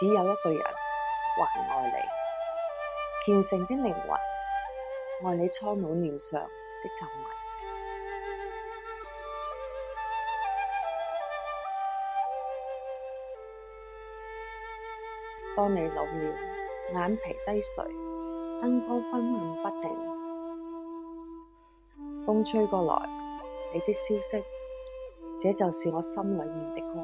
只有一個人還愛你，虔誠的靈魂愛你蒼老臉上的皺紋。當你老了，眼皮低垂，燈光昏暗不定，風吹過來，你的消息，這就是我心裏面的歌。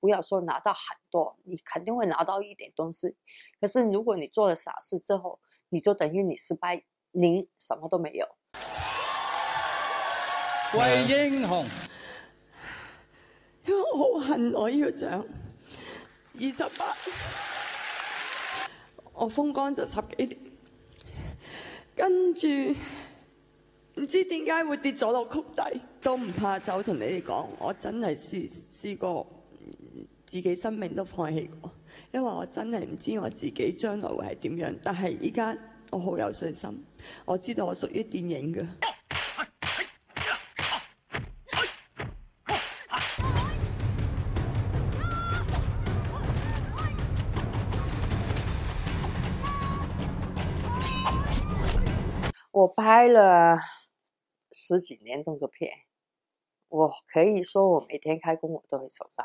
不要說拿到很多，你肯定會拿到一點東西。可是如果你做了傻事之後，你就等於你失敗，零什麼都沒有。惠英紅， 因為我好恨我呢個獎，二十八，我風光咗十幾年，跟住唔知點解會跌咗落谷底，都唔怕醜。同你哋講，我真係試試過。自己生命都放棄過，因為我真係唔知我自己將來會係點樣。但係依家我好有信心，我知道我屬於電影嘅。我拍咗十幾年動作片，我可以說我每天開工我都會受傷。